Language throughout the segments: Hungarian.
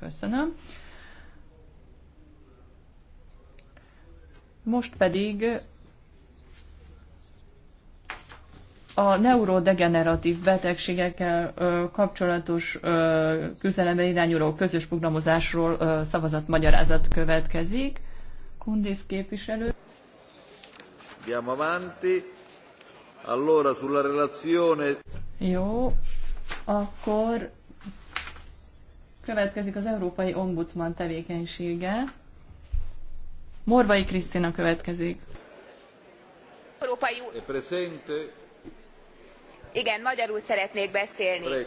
Köszönöm. Most pedig a neurodegeneratív betegségekkel kapcsolatos küzdelemben irányuló közös programozásról szavazatmagyarázat következik. Kundis képviselő. Andiamo avanti. Allora sulla relazione. Jó, akkor Következik az Európai Ombudsman tevékenysége. Morvai Krisztina következik. Európai... Igen, magyarul szeretnék beszélni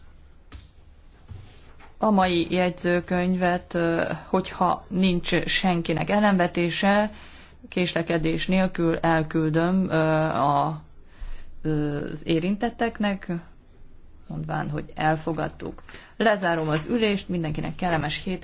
a mai jegyzőkönyvet, hogyha nincs senkinek ellenvetése, késlekedés nélkül elküldöm a az érintetteknek, mondván, hogy elfogadtuk. Lezárom az ülést, mindenkinek kellemes hét.